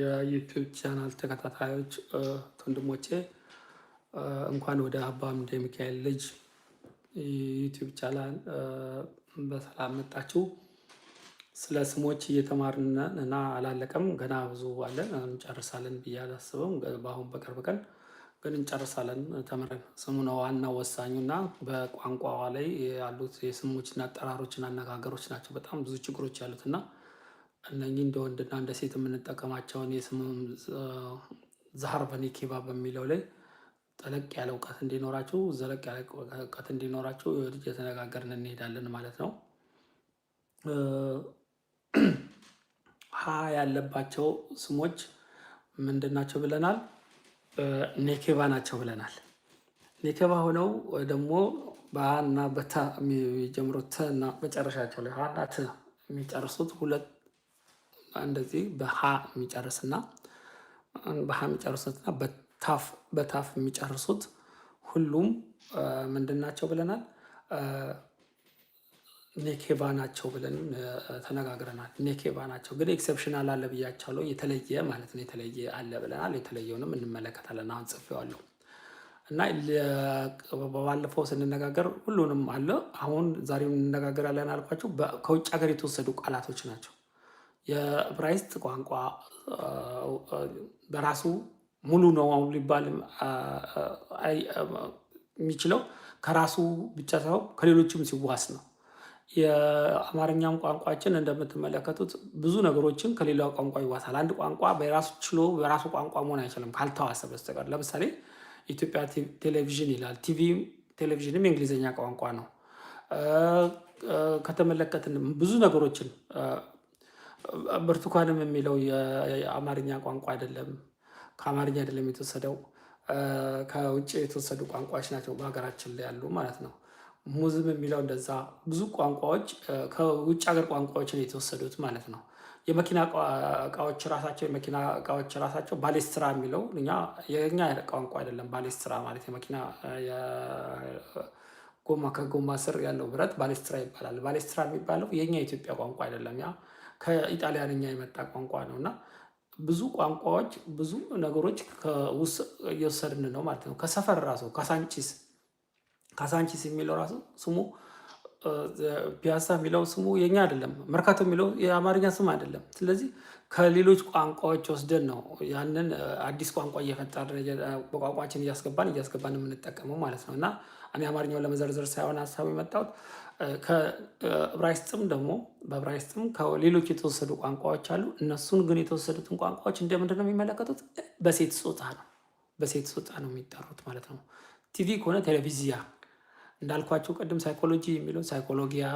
የዩቲዩብ ቻናል ተከታታዮች ወንድሞቼ እንኳን ወደ አባ አምደ ሚካኤል ልጅ ዩቲዩብ ቻናል በሰላም መጣችሁ። ስለ ስሞች እየተማርን እና አላለቀም። ገና ብዙ አለን እንጨርሳለን ብዬ አላስብም። በአሁን በቅርብ ቀን ግን እንጨርሳለን ተምረን። ስሙ ነው ዋና ወሳኙ እና በቋንቋዋ ላይ ያሉት የስሞችና አጠራሮችና አነጋገሮች ናቸው በጣም ብዙ ችግሮች ያሉት እና እነኚህ እንደ ወንድና እንደ ሴት የምንጠቀማቸውን የስም ዛህር በኒኬባ በሚለው ላይ ጠለቅ ያለ እውቀት እንዲኖራችሁ ዘለቅ ያለ እውቀት እንዲኖራችሁ እየተነጋገርን እንሄዳለን ማለት ነው። ሀ ያለባቸው ስሞች ምንድን ናቸው ብለናል? ኔኬባ ናቸው ብለናል። ኔኬባ ሆነው ደግሞ እና በታ የሚጀምሩት ና መጨረሻቸው ላይ ሀና ት የሚጨርሱት ሁለት እንደዚህ በሀ የሚጨርስና በሀ የሚጨርሱትና በታፍ በታፍ የሚጨርሱት ሁሉም ምንድን ናቸው ብለናል? ኔኬባ ናቸው ብለን ተነጋግረናል። ኔኬባ ናቸው ግን ኤክሰፕሽናል አለ ብያቸዋለሁ። የተለየ ማለት ነው። የተለየ አለ ብለናል። የተለየውንም እንመለከታለን። አሁን ጽፌዋለሁ እና ባለፈው ስንነጋገር ሁሉንም አለ። አሁን ዛሬ እንነጋገራለን አልኳቸው። ከውጭ ሀገር የተወሰዱ ቃላቶች ናቸው። የዕብራይስጥ ቋንቋ በራሱ ሙሉ ነው ሊባል የሚችለው ከራሱ ብቻ ሳይሆን ከሌሎችም ሲዋስ ነው። የአማርኛም ቋንቋችን እንደምትመለከቱት ብዙ ነገሮችን ከሌላ ቋንቋ ይዋሳል። አንድ ቋንቋ በራሱ ችሎ በራሱ ቋንቋ መሆን አይችልም ካልተዋሰ በስተቀር። ለምሳሌ ኢትዮጵያ ቴሌቪዥን ይላል። ቲቪ ቴሌቪዥንም የእንግሊዝኛ ቋንቋ ነው። ከተመለከትን ብዙ ነገሮችን ብርቱካንም የሚለው የአማርኛ ቋንቋ አይደለም፣ ከአማርኛ አይደለም የተወሰደው፣ ከውጭ የተወሰዱ ቋንቋዎች ናቸው በሀገራችን ላይ ያሉ ማለት ነው። ሙዝም የሚለው እንደዛ ብዙ ቋንቋዎች ከውጭ ሀገር ቋንቋዎች የተወሰዱት ማለት ነው። የመኪና እቃዎች ራሳቸው የመኪና እቃዎች ራሳቸው ባሌስትራ የሚለው እኛ የኛ ቋንቋ አይደለም። ባሌስትራ ማለት የመኪና ጎማ ከጎማ ስር ያለው ብረት ባሌስትራ ይባላል። ባሌስትራ የሚባለው የኛ የኢትዮጵያ ቋንቋ አይደለም ያ ከኢጣሊያንኛ የመጣ ቋንቋ ነው እና ብዙ ቋንቋዎች ብዙ ነገሮች እየወሰድን ነው ማለት ነው። ከሰፈር ራሱ ካሳንቺስ ካሳንቺስ የሚለው ራሱ ስሙ ፒያሳ የሚለው ስሙ የኛ አይደለም። መርካቶ የሚለው የአማርኛ ስም አይደለም። ስለዚህ ከሌሎች ቋንቋዎች ወስደን ነው ያንን አዲስ ቋንቋ እየፈጠርን በቋንቋችን እያስገባን እያስገባን የምንጠቀመው ማለት ነው እና እኔ አማርኛውን ለመዘርዘር ሳይሆን ሀሳብ የመጣሁት ከዕብራይስጥም ደግሞ በዕብራይስጥም ከሌሎች የተወሰዱ ቋንቋዎች አሉ። እነሱን ግን የተወሰዱትን ቋንቋዎች እንደምንድን ነው የሚመለከቱት? በሴት ጾታ ነው በሴት ጾታ ነው የሚጠሩት ማለት ነው። ቲቪ ከሆነ ቴሌቪዚያ እንዳልኳቸው ቅድም ሳይኮሎጂ የሚለው ሳይኮሎጊያ፣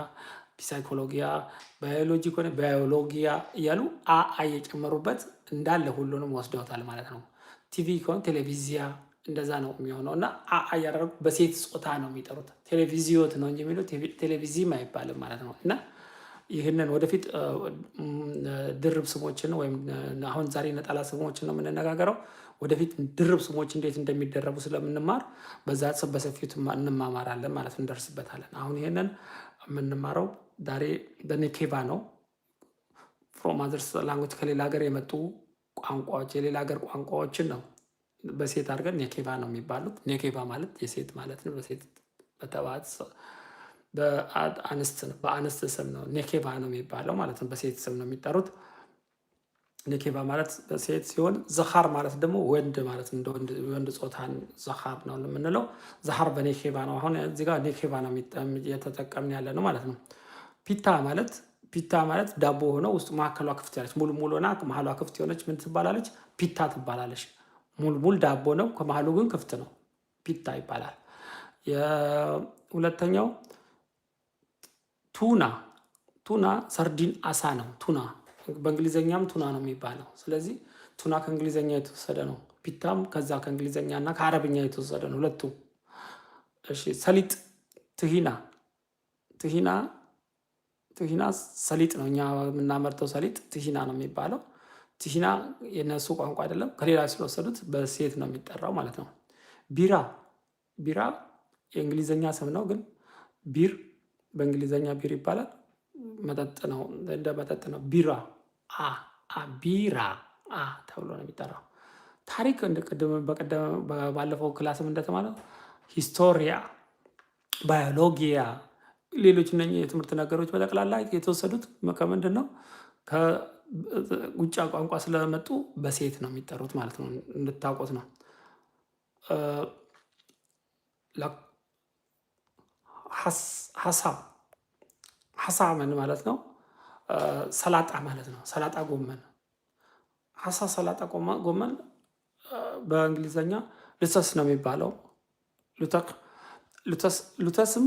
ሳይኮሎጊያ ባዮሎጂ ከሆነ ባዮሎጊያ እያሉ አ እየጨመሩበት እንዳለ ሁሉንም ወስደውታል ማለት ነው። ቲቪ ከሆነ ቴሌቪዚያ እንደዛ ነው የሚሆነው እና እያደረጉ በሴት ጾታ ነው የሚጠሩት። ቴሌቪዚዮት ነው እንጂ የሚሉት ቴሌቪዚም አይባልም ማለት ነው። እና ይህንን ወደፊት ድርብ ስሞችን ወይም አሁን ዛሬ ነጠላ ስሞችን ነው የምንነጋገረው። ወደፊት ድርብ ስሞች እንዴት እንደሚደረጉ ስለምንማር በዛ በሰፊት እንማማራለን ማለት እንደርስበታለን። አሁን ይህንን የምንማረው ዛሬ በኔኬቫ ነው። ፍሮም አዘርስ ላንጎች ከሌላ ሀገር የመጡ ቋንቋዎች የሌላ ሀገር ቋንቋዎችን ነው በሴት አድርገን ኔኬቫ ነው የሚባሉት። ኔኬቫ ማለት የሴት ማለት ነው። በሴት በተባት በአንስት በአንስት ስም ነው ኔኬቫ ነው የሚባለው ማለት ነው። በሴት ስም ነው የሚጠሩት። ኔኬቫ ማለት በሴት ሲሆን ዘኻር ማለት ደግሞ ወንድ ማለት እንደ ወንድ ጾታን ዘኻር ነው የምንለው። ዘኻር በኔኬቫ ነው። አሁን እዚህ ጋር ኔኬቫ ነው የተጠቀምን ያለ ነው ማለት ነው። ፒታ ማለት ፒታ ማለት ዳቦ ሆነው ውስጥ መካከሏ ክፍት ያለች ሙሉ ሙሉ ሆና መሀሏ ክፍት የሆነች ምን ትባላለች? ፒታ ትባላለች። ሙልሙል ዳቦ ነው። ከመሀሉ ግን ክፍት ነው። ፒታ ይባላል። ሁለተኛው ቱና ቱና ሰርዲን አሳ ነው። ቱና በእንግሊዝኛም ቱና ነው የሚባለው። ስለዚህ ቱና ከእንግሊዝኛ የተወሰደ ነው። ፒታም ከዛ ከእንግሊዝኛ እና ከአረብኛ የተወሰደ ነው ሁለቱ። እሺ ሰሊጥ ትሂና ትሂና ትሂና ሰሊጥ ነው። እኛ የምናመርተው ሰሊጥ ትሂና ነው የሚባለው። ቲሂና የነሱ ቋንቋ አይደለም፣ ከሌላ ስለወሰዱት በሴት ነው የሚጠራው ማለት ነው። ቢራ ቢራ የእንግሊዝኛ ስም ነው፣ ግን ቢር በእንግሊዝኛ ቢር ይባላል። መጠጥ ነው፣ እንደ መጠጥ ነው። ቢራ ቢራ ተብሎ ነው የሚጠራው። ታሪክ ባለፈው ክላስም እንደተማለው ሂስቶሪያ፣ ባዮሎጊያ፣ ሌሎች እነ የትምህርት ነገሮች በጠቅላላ የተወሰዱት ከምንድን ነው? ውጫ ቋንቋ ስለመጡ በሴት ነው የሚጠሩት ማለት ነው። እንድታውቁት ነው። ሀሳብ ሀሳ ምን ማለት ነው? ሰላጣ ማለት ነው። ሰላጣ ጎመን፣ ሀሳ ሰላጣ ጎመን በእንግሊዝኛ ልተስ ነው የሚባለው። ሉተስም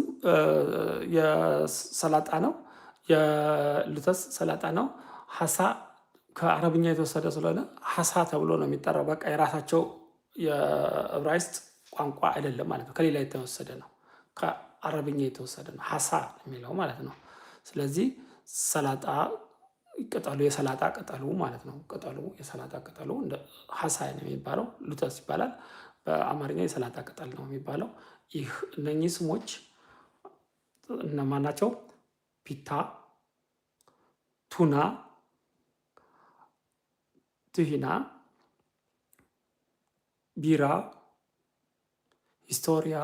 የሰላጣ ነው። የሉተስ ሰላጣ ነው። ሀሳ ከአረብኛ የተወሰደ ስለሆነ ሀሳ ተብሎ ነው የሚጠራው። በቃ የራሳቸው የዕብራይስጥ ቋንቋ አይደለም ማለት ነው። ከሌላ የተወሰደ ነው። ከአረብኛ የተወሰደ ነው ሀሳ የሚለው ማለት ነው። ስለዚህ ሰላጣ ቅጠሉ የሰላጣ ቅጠሉ ማለት ነው። ቅጠሉ የሰላጣ ቅጠሉ እንደ ሀሳ ነው የሚባለው። ሉተስ ይባላል በአማርኛ የሰላጣ ቅጠል ነው የሚባለው። ይህ እነኚህ ስሞች እነማን ናቸው? ፒታ፣ ቱና ትሂና ቢራ ሂስቶሪያ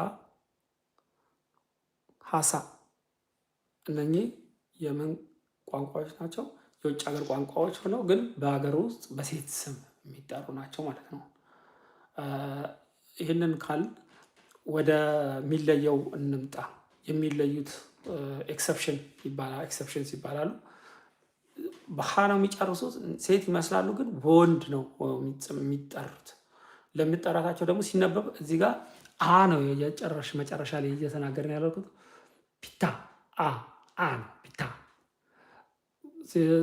ሀሳ እነኚህ የምን ቋንቋዎች ናቸው? የውጭ ሀገር ቋንቋዎች ሆነው ግን በሀገር ውስጥ በሴት ስም የሚጠሩ ናቸው ማለት ነው። ይህንን ካል ወደ ሚለየው እንምጣ። የሚለዩት ኤክሰፕሽን ይባላል ኤክሰፕሽንስ ይባላሉ። በሃ ነው የሚጨርሱት። ሴት ይመስላሉ፣ ግን ወንድ ነው የሚጠሩት። ለሚጠራታቸው ደግሞ ሲነበብ እዚህ ጋር አ ነው የጨረሽ መጨረሻ ላይ እየተናገርን ያለኩት ፒታ አ አ ነው ፒታ።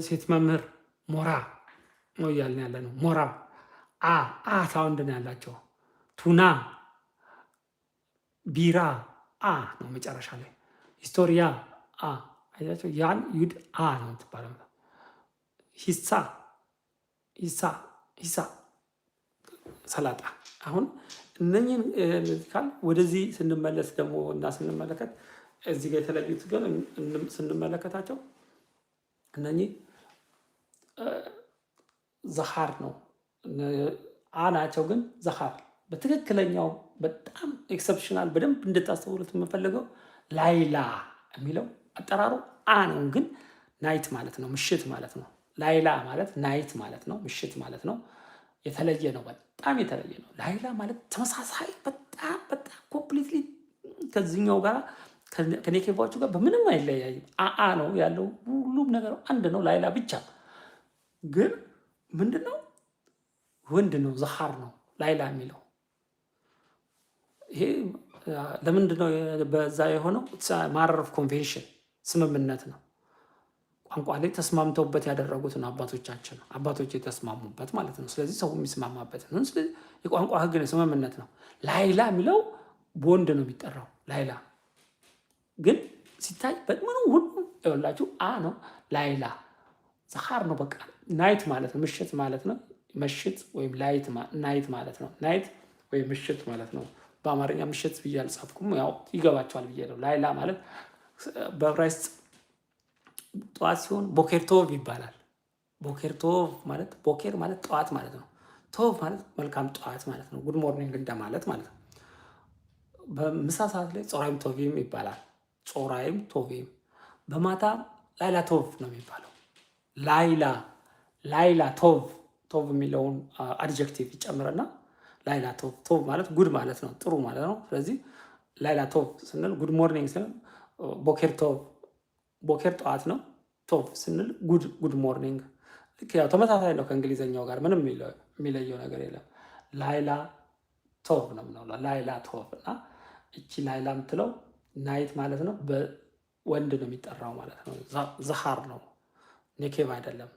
ሴት መምህር ሞራ ነው እያልን ያለ ነው። ሞራ አ አ ሳውንድ ነው ያላቸው። ቱና ቢራ አ ነው መጨረሻ ላይ። ሂስቶሪያ አ ያን ዩድ አ ነው ትባለ ሂሳ ሂሳ ሂሳ ሰላጣ። አሁን እነኝህን ካል ወደዚህ ስንመለስ ደግሞ እና ስንመለከት እዚህ ጋር የተለዩት ግን ስንመለከታቸው እነኚህ ዘኻር ነው አናቸው ግን ዘኻር በትክክለኛው በጣም ኤክሰፕሽናል በደንብ እንድታስተውሉት የምፈልገው ላይላ የሚለው አጠራሩ አ ነው፣ ግን ናይት ማለት ነው ምሽት ማለት ነው። ላይላ ማለት ናይት ማለት ነው፣ ምሽት ማለት ነው። የተለየ ነው፣ በጣም የተለየ ነው። ላይላ ማለት ተመሳሳይ በጣም በጣም ኮምፕሊትሊ ከዚህኛው ጋር ከኔኬቫዎቹ ጋር በምንም አይለያይም። አአ ነው ያለው፣ ሁሉም ነገር አንድ ነው። ላይላ ብቻ ግን ምንድነው? ወንድ ነው፣ ዘሃር ነው ላይላ የሚለው ይሄ ለምንድነው በዛ የሆነው? ማረር ኦፍ ኮንቬንሽን ስምምነት ነው። ቋንቋ ላይ ተስማምተውበት ያደረጉትን አባቶቻችን አባቶች የተስማሙበት ማለት ነው። ስለዚህ ሰው የሚስማማበት ነው። ስለዚህ የቋንቋ ህግ ነው፣ ስምምነት ነው። ላይላ የሚለው በወንድ ነው የሚጠራው። ላይላ ግን ሲታይ በምኑ ሁሉ ይኸውላችሁ አ ነው። ላይላ ዛሃር ነው። በቃ ናይት ማለት ነው፣ ምሽት ማለት ነው። መሽት ወይም ላይት ናይት ማለት ነው። ናይት ወይም ምሽት ማለት ነው። በአማርኛ ምሽት ብዬ አልጻፍኩም፣ ያው ይገባቸዋል ብዬ ነው። ላይላ ማለት በዕብራይስጥ ጠዋት ሲሆን ቦኬር ቶቭ ይባላል። ቦኬር ቶቭ ማለት ቦኬር ማለት ጠዋት ማለት ነው። ቶቭ ማለት መልካም ጠዋት ማለት ነው። ጉድ ሞርኒንግ እንደማለት ማለት ነው። በምሳ ሰዓት ላይ ጾራይም ቶቪም ይባላል። ጾራይም ቶቪም በማታ ላይላ ቶቭ ነው የሚባለው። ላይላ ላይላ ቶቭ ቶቭ የሚለውን አድጀክቲቭ ይጨምርና ላይላ ቶቭ ቶቭ ማለት ጉድ ማለት ነው፣ ጥሩ ማለት ነው። ስለዚህ ላይላ ቶቭ ስንል ጉድ ሞርኒንግ ስንል ቦኬር ቶቭ ቦኬር ጠዋት ነው። ቶቭ ስንል ጉድ ጉድ ሞርኒንግ ልክ ያው ተመሳሳይ ነው ከእንግሊዝኛው ጋር ምንም የሚለየው ነገር የለም። ላይላ ቶቭ ነው ምንለው ላይላ ቶቭ እና እቺ ላይላ የምትለው ናይት ማለት ነው። በወንድ ነው የሚጠራው ማለት ነው። ዝሃር ነው ኔኬቭ አይደለም።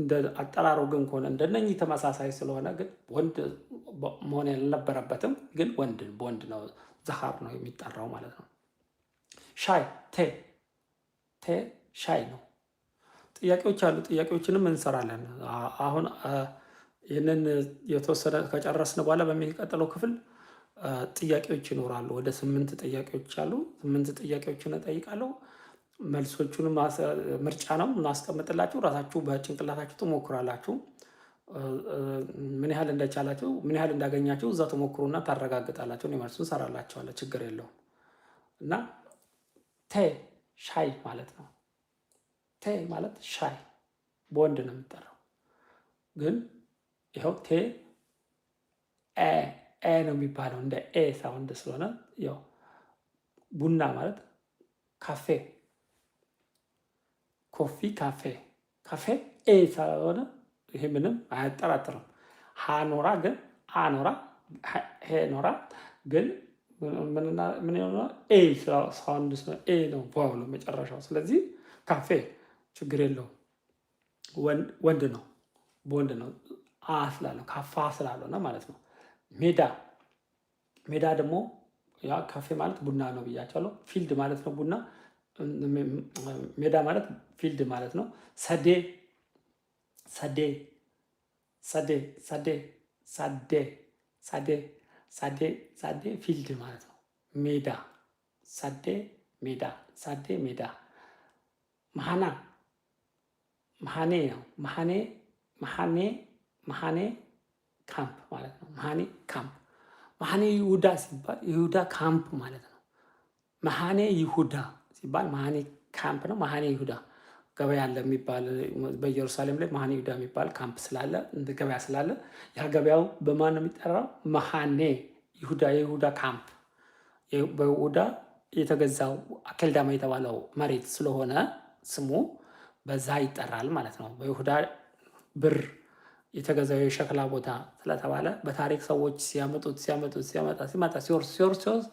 እንደ አጠራሩ ግን ከሆነ እንደነኚህ ተመሳሳይ ስለሆነ ግን ወንድ መሆን ያልነበረበትም ግን ወንድ በወንድ ነው ዝሃር ነው የሚጠራው ማለት ነው። ሻይ ቴ ቴ ሻይ ነው። ጥያቄዎች አሉ። ጥያቄዎችንም እንሰራለን። አሁን ይህንን የተወሰነ ከጨረስን በኋላ በሚቀጥለው ክፍል ጥያቄዎች ይኖራሉ። ወደ ስምንት ጥያቄዎች አሉ። ስምንት ጥያቄዎችን እጠይቃለሁ። መልሶቹንም ምርጫ ነው እናስቀምጥላችሁ። ራሳችሁ በጭንቅላታችሁ ትሞክራላችሁ። ምን ያህል እንደቻላችሁ፣ ምን ያህል እንዳገኛችሁ እዛ ትሞክሩና ታረጋግጣላችሁ። መልሱን ሰራላችኋለሁ። ችግር የለውም እና ቴ ሻይ ማለት ነው። ቴ ማለት ሻይ በወንድ ነው የሚጠራው። ግን ይኸው ቴ ኤ ኤ ነው የሚባለው እንደ ኤ ሳውንድ ስለሆነ ያው ቡና ማለት ካፌ፣ ኮፊ ካፌ ካፌ ኤ ስለሆነ ይህ ምንም አያጠራጥርም። ሃኖራ ግን አኖራ ሄኖራ ግን ምን ሆነ? ኤ ሳውንድ ኤ ነው ቫውሉ መጨረሻው። ስለዚህ ካፌ ችግር የለውም። ወንድ ነው በወንድ ነው አ ስላለው ካፋ ስላልሆነ ማለት ነው። ሜዳ ሜዳ ደግሞ ያ ካፌ ማለት ቡና ነው ብያቸዋለሁ። ፊልድ ማለት ነው ቡና ሜዳ ማለት ፊልድ ማለት ነው። ሰዴ ሰዴ ሰዴ ሰዴ ሰዴ ሳዴ ሳዴ ፊልድ ማለት ነው። ሜዳ ሳዴ ሜዳ ሳዴ ሜዳ። መሃና መሃኔ ነው። መሃኔ መሃኔ መሃኔ ካምፕ ማለት ነው። መሃኔ ካምፕ መሃኔ ይሁዳ ሲባል ይሁዳ ካምፕ ማለት ነው። መሃኔ ይሁዳ ሲባል መሃኔ ካምፕ ነው። መሃኔ ይሁዳ ገበያ አለ የሚባል በኢየሩሳሌም ላይ መሃኔ ይሁዳ የሚባል ካምፕ ስላለ ገበያ ስላለ ያ ገበያው በማን ነው የሚጠራው? መሃኔ ይሁዳ፣ የይሁዳ ካምፕ በይሁዳ የተገዛው አኬልዳማ የተባለው መሬት ስለሆነ ስሙ በዛ ይጠራል ማለት ነው። በይሁዳ ብር የተገዛው የሸክላ ቦታ ስለተባለ በታሪክ ሰዎች ሲያመጡት ሲያመጡት ሲያመጣ ሲመጣ ሲወርስ ሲወርስ ሲወርስ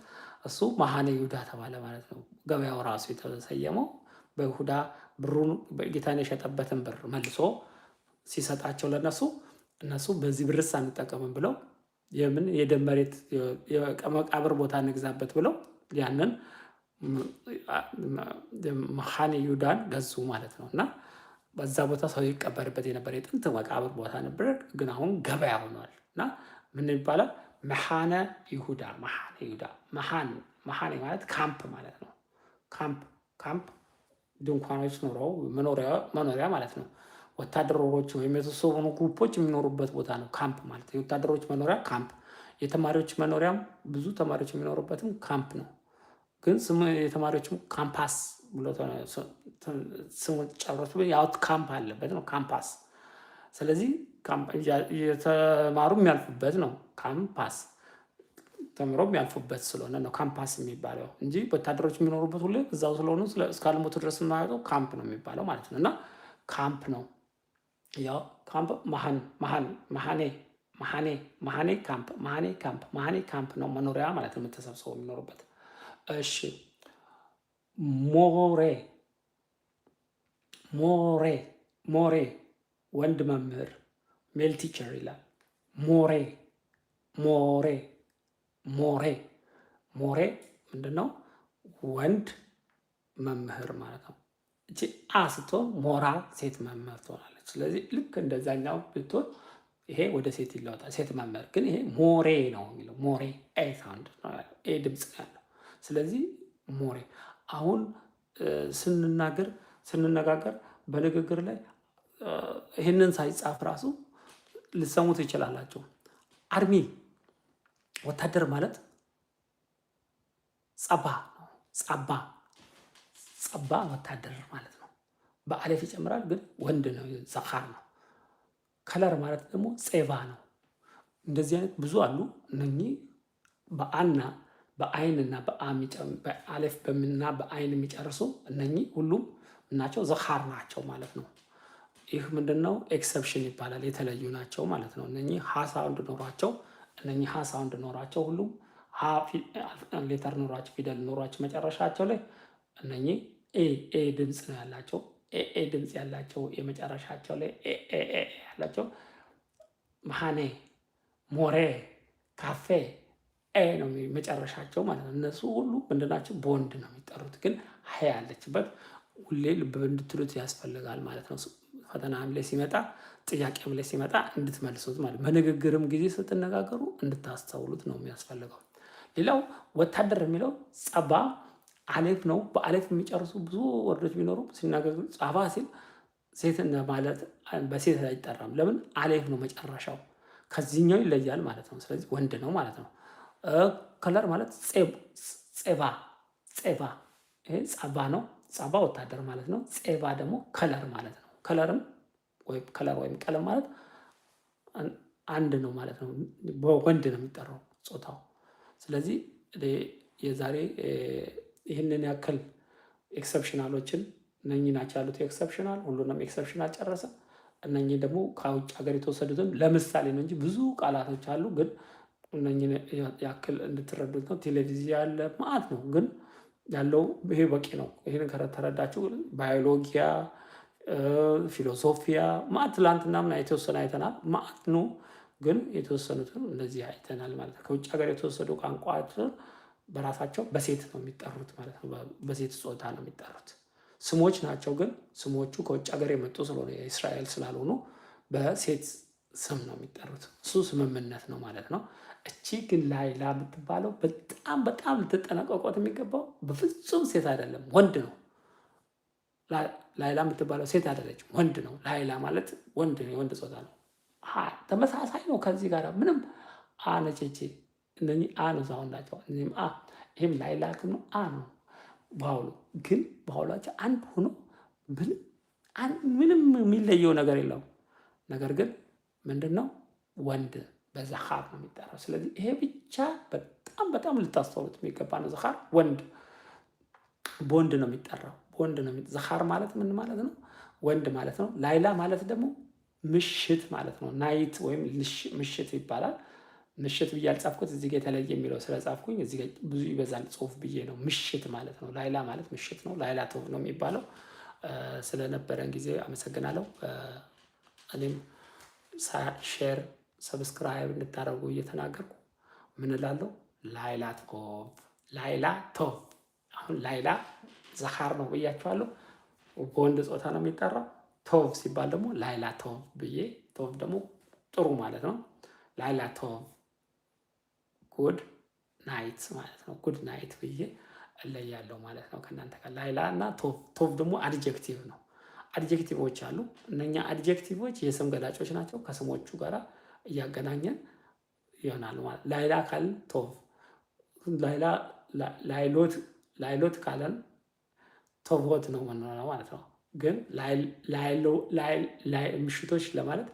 እሱ መሃኔ ይሁዳ ተባለ ማለት ነው። ገበያው ራሱ የተሰየመው በይሁዳ ብሩን ጌታን የሸጠበትን ብር መልሶ ሲሰጣቸው ለነሱ እነሱ በዚህ ብርስ አንጠቀምም ብለው የምን የደም መሬት መቃብር ቦታ እንግዛበት ብለው ያንን መሃን ይሁዳን ገዙ ማለት ነው። እና በዛ ቦታ ሰው ይቀበርበት የነበረ የጥንት መቃብር ቦታ ነበር፣ ግን አሁን ገበያ ሆኗል። እና ምን ይባላል? መሃነ ይሁዳ መካነ ይሁዳ መካነ ማለት ካምፕ ማለት ነው። ካምፕ ካምፕ ድንኳኖች ኖረው መኖሪያ ማለት ነው። ወታደሮች ወይም የተወሰኑ ግሩፖች የሚኖሩበት ቦታ ነው ካምፕ ማለት ነው። የወታደሮች መኖሪያ ካምፕ፣ የተማሪዎች መኖሪያም ብዙ ተማሪዎች የሚኖሩበትም ካምፕ ነው። ግን የተማሪዎችም ካምፓስ ብሎ ስሙ ጨረሱ ያውት ካምፕ አለበት ነው ካምፓስ። ስለዚህ እየተማሩ የሚያልፉበት ነው ካምፓስ። ተምሮ የሚያልፉበት ስለሆነ ነው ካምፓስ የሚባለው እንጂ ወታደሮች የሚኖሩበት ሁሌ እዛው ስለሆኑ እስካልሞቱ ድረስ የማያውቀው ካምፕ ነው የሚባለው ማለት ነው። እና ካምፕ ነው ያው ካምፕ መሀን መሀን መሀኔ መሀኔ መሀኔ ካምፕ መሀኔ ካምፕ መሀኔ ካምፕ ነው መኖሪያ ማለት ነው የምተሰብሰበው የሚኖሩበት። እሺ ሞሬ ሞሬ ሞሬ ወንድ መምህር ሜል ቲቸር ይላል። ሞሬ ሞሬ ሞሬ ሞሬ ምንድን ነው? ወንድ መምህር ማለት ነው። እቺ አስቶ ሞራ ሴት መምህር ትሆናለች። ስለዚህ ልክ እንደዛኛው ብትሆን ይሄ ወደ ሴት ይለወጣል። ሴት መምህር ግን ይሄ ሞሬ ነው የሚለው ሞሬ ኤ ሳውንድ ኤ ድምፅ ያለው ስለዚህ ሞሬ። አሁን ስንናገር ስንነጋገር በንግግር ላይ ይህንን ሳይጻፍ ራሱ ልሰሙት ይችላላቸው አርሚ? ወታደር ማለት ጸባ ነው። ጸባ ጸባ ወታደር ማለት ነው። በአሌፍ ይጨምራል፣ ግን ወንድ ነው፣ ዘካር ነው። ከለር ማለት ደግሞ ጼባ ነው። እንደዚህ አይነት ብዙ አሉ። እነኚህ በአና በአይን እና በአሌፍ በምና በአይን የሚጨርሱ እነኚህ ሁሉም ናቸው ዘካር ናቸው ማለት ነው። ይህ ምንድን ነው? ኤክሰፕሽን ይባላል። የተለዩ ናቸው ማለት ነው። እነኚህ ሀሳ እንድኖሯቸው እነኚህ ሀ ሳውንድ ኖሯቸው ሁሉም ሌተር ኖሯቸው ፊደል ኖሯቸው መጨረሻቸው ላይ እነኚህ ኤ ኤ ድምፅ ነው ያላቸው። ኤ ድምፅ ያላቸው የመጨረሻቸው ላይ ያላቸው መሃኔ ሞሬ ካፌ ኤ ነው መጨረሻቸው ማለት ነው። እነሱ ሁሉ ምንድናቸው? ቦንድ ነው የሚጠሩት። ግን ሀ ያለችበት ሁሌ ልብ እንድትሉት ያስፈልጋል ማለት ነው። ፈተናም ላይ ሲመጣ ጥያቄም ላይ ሲመጣ እንድትመልሱት ማለት በንግግርም ጊዜ ስትነጋገሩ እንድታስተውሉት ነው የሚያስፈልገው። ሌላው ወታደር የሚለው ጸባ አሌፍ ነው። በአሌፍ የሚጨርሱ ብዙ ወርዶች ቢኖሩ ሲናገሩ ጸባ ሲል ሴት ማለት በሴት አይጠራም። ለምን? አሌፍ ነው መጨረሻው፣ ከዚህኛው ይለያል ማለት ነው። ስለዚህ ወንድ ነው ማለት ነው። ከለር ማለት ጸባ ጸባ ይሄ ጸባ ነው። ጸባ ወታደር ማለት ነው። ጸባ ደግሞ ከለር ማለት ነው። ከለርም ወይም ከለር ወይም ቀለም ማለት አንድ ነው ማለት ነው። ወንድ ነው የሚጠራው ጾታው። ስለዚህ የዛሬ ይህንን ያክል ኤክሰፕሽናሎችን እነኚህ ናቸው ያሉት ኤክሰፕሽናል። ሁሉንም ኤክሰፕሽን አልጨረሰ። እነኚህ ደግሞ ከውጭ ሀገር የተወሰዱትም ለምሳሌ ነው እንጂ ብዙ ቃላቶች አሉ። ግን እነኚህን ያክል እንድትረዱት ነው። ቴሌቪዥን ያለ ማለት ነው። ግን ያለው ይሄ በቂ ነው። ይህን ከተረዳችሁ ባዮሎጊያ ፊሎሶፊያ ማዕት ትላንትና ምን የተወሰነ አይተናል። ማዕት ነው ግን የተወሰኑትን እንደዚህ አይተናል ማለት ከውጭ ሀገር የተወሰዱ ቋንቋት በራሳቸው በሴት ነው የሚጠሩት ማለት ነው። በሴት ጾታ ነው የሚጠሩት ስሞች ናቸው። ግን ስሞቹ ከውጭ ሀገር የመጡ ስለሆነ የእስራኤል ስላልሆኑ በሴት ስም ነው የሚጠሩት። እሱ ስምምነት ነው ማለት ነው። እቺ ግን ላይላ የምትባለው በጣም በጣም ልትጠነቀቆት የሚገባው በፍጹም ሴት አይደለም፣ ወንድ ነው። ላይላ የምትባለው ሴት አይደለችም፣ ወንድ ነው። ላይላ ማለት ወንድ ነው፣ የወንድ ጾታ ነው። ተመሳሳይ ነው ከዚህ ጋር ምንም አነቼቼ እነ አ ነው ሳሁንዳቸው አ ይህም ላይላ ክም አ ነው ባህሉ ግን ባህሏቸው አንድ ሆኖ ምንም የሚለየው ነገር የለው። ነገር ግን ምንድን ነው ወንድ በዘኻር ነው የሚጠራው። ስለዚህ ይሄ ብቻ በጣም በጣም ልታስተውሉት የሚገባ ነው። ዘኻር ወንድ በወንድ ነው የሚጠራው። ወንድ ነው። ዘኻር ማለት ምን ማለት ነው? ወንድ ማለት ነው። ላይላ ማለት ደግሞ ምሽት ማለት ነው። ናይት ወይም ምሽት ይባላል። ምሽት ብዬ አልጻፍኩት እዚህ ጋ የተለየ የሚለው ስለጻፍኩኝ እዚህ ጋ ብዙ ይበዛል ጽሁፍ ብዬ ነው። ምሽት ማለት ነው። ላይላ ማለት ምሽት ነው። ላይላ ቶብ ነው የሚባለው። ስለነበረን ጊዜ አመሰግናለሁ። እኔም ሼር፣ ሰብስክራይብ እንድታደርጉ እየተናገርኩ ምን እላለሁ? ላይላ ቶብ ላይላ ቶብ አሁን ላይላ ዘኻር ነው ብያችኋለሁ። በወንድ ጾታ ነው የሚጠራው። ቶቭ ሲባል ደግሞ ላይላ ቶቭ ብዬ ቶቭ ደግሞ ጥሩ ማለት ነው። ላይላ ቶቭ ጉድ ናይት ማለት ነው። ጉድ ናይት ብዬ እለያለሁ ማለት ነው ከእናንተ ጋር። ላይላ እና ቶቭ ቶቭ ደግሞ አድጀክቲቭ ነው። አድጀክቲቮች አሉ። እነኛ አድጀክቲቮች የስም ገላጮች ናቸው። ከስሞቹ ጋር እያገናኘን ይሆናል ማለት ላይላ ካልን ቶቭ ላይሎት ካለን ተውት ነው ምንሆነ ማለት ነው። ግን ምሽቶች ለማለት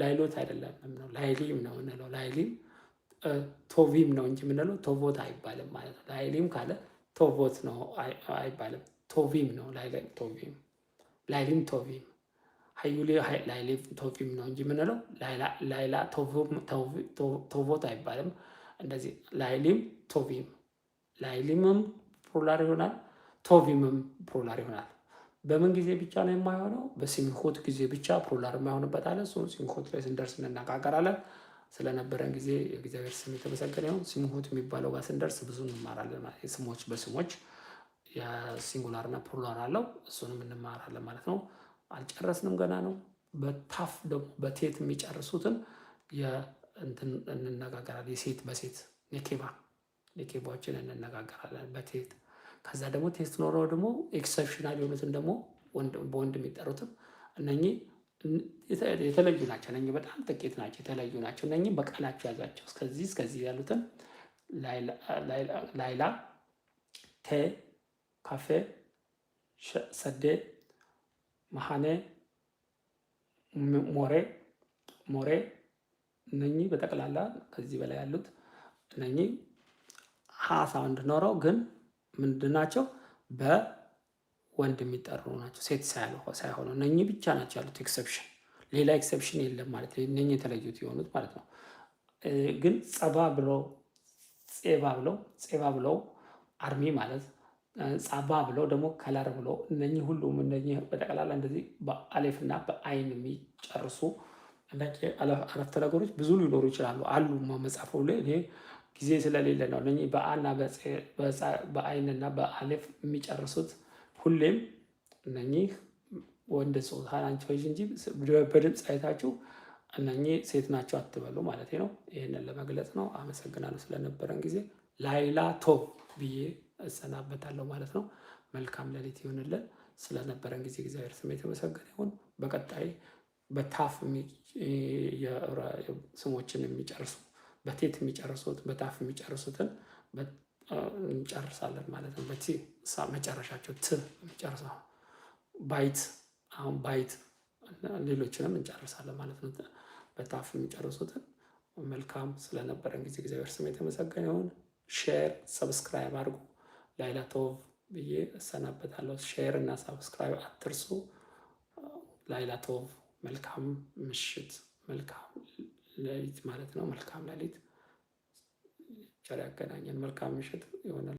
ላይሎት አይደለም ላይሊም ነው ምንለው ላይሊም ቶቪም ነው እንጂ ምንለው ተውቦት አይባልም ማለት ነው። ላይሊም ካለ ተውቦት ነው አይባልም፣ ቶቪም ነው ቶቪም ላይሊም ቶቪም ሀዩሊ ላይሌ ቶቪም ነው እንጂ ምንለው ላይላ ተውቦት አይባልም። እንደዚህ ላይሊም ቶቪም ላይሊምም ፕሉራል ይሆናል። ቶቪምም ፕሮላር ይሆናል። በምን ጊዜ ብቻ ነው የማይሆነው? በሲንኮት ጊዜ ብቻ ፕሮላር የማይሆንበት አለ። እሱን ሲንኮት ላይ ስንደርስ እንነጋገራለን። ስለነበረን ጊዜ የእግዚአብሔር ስም የተመሰገነ ይሁን። ሲንኮት የሚባለው ጋር ስንደርስ ብዙ እንማራለን። ስሞች በስሞች የሲንጉላርና ፕሮላር አለው። እሱንም እንማራለን ማለት ነው። አልጨረስንም፣ ገና ነው። በታፍ ደግሞ በቴት የሚጨርሱትን እንነጋገራለን። የሴት በሴት ኔኬባ ኔኬባዎችን እንነጋገራለን በቴት ከዛ ደግሞ ቴስት ኖረው ደግሞ ኤክሰፕሽናል የሆኑትን ደግሞ በወንድ የሚጠሩትም እነኚህ የተለዩ ናቸው። እነኚህ በጣም ጥቂት ናቸው፣ የተለዩ ናቸው። እነኚህ በቃላቸው ያዟቸው። እስከዚህ እስከዚህ ያሉትን ላይላ፣ ቴ፣ ካፌ፣ ሰዴ፣ መሐኔ፣ ሞሬ ሞሬ እነኚህ በጠቅላላ ከዚህ በላይ ያሉት እነኚህ ሀ እንድኖረው ግን ምንድን ናቸው? በወንድ የሚጠሩ ናቸው፣ ሴት ሳይሆኑ እነኚህ ብቻ ናቸው ያሉት ኤክሰፕሽን። ሌላ ኤክሰፕሽን የለም ማለት ነው። እነኚህ የተለዩት የሆኑት ማለት ነው። ግን ጸባ ብለው ጼባ ብለው ጼባ ብለው አርሚ ማለት ጻባ ብለው ደግሞ ከለር ብለው እነኚህ ሁሉም እነኚህ በጠቅላላ እንደዚህ በአሌፍ እና በአይን የሚጨርሱ አረፍተ ነገሮች ብዙ ሊኖሩ ይችላሉ አሉ መጽሐፉ ላይ ጊዜ ስለሌለ ነው። እነኚህ በአና በአይንና በአሌፍ የሚጨርሱት ሁሌም እነኚህ ወንድ ጾታ ናቸው እንጂ በድምፅ አይታችሁ እነኚህ ሴት ናቸው አትበሉ ማለት ነው። ይህንን ለመግለጽ ነው። አመሰግናለሁ ስለነበረን ጊዜ። ላይላ ቶ ብዬ እሰናበታለሁ ማለት ነው። መልካም ሌሊት ይሆንልን ስለነበረን ጊዜ እግዚአብሔር ስም የተመሰገነ ይሁን። በቀጣይ በታፍ ስሞችን የሚጨርሱ በቴት የሚጨርሱት በታፍ የሚጨርሱትን እንጨርሳለን ማለት ነው። በቲ መጨረሻቸው ት የሚጨርሰው ባይት አሁን ባይት ሌሎችንም እንጨርሳለን ማለት ነው። በታፍ የሚጨርሱትን መልካም ስለነበረን ጊዜ እግዚአብሔር ስም የተመሰገነ ይሁን። ሼር ሰብስክራይብ አድርጉ። ላይላ ብዬ እሰናበታለሁ። ሼር እና ሰብስክራይብ አትርሱ። ላይላ መልካም ምሽት መልካም ሌሊት ማለት ነው። መልካም ሌሊት ቸር ያገናኘን። መልካም ምሽት ይሆናል።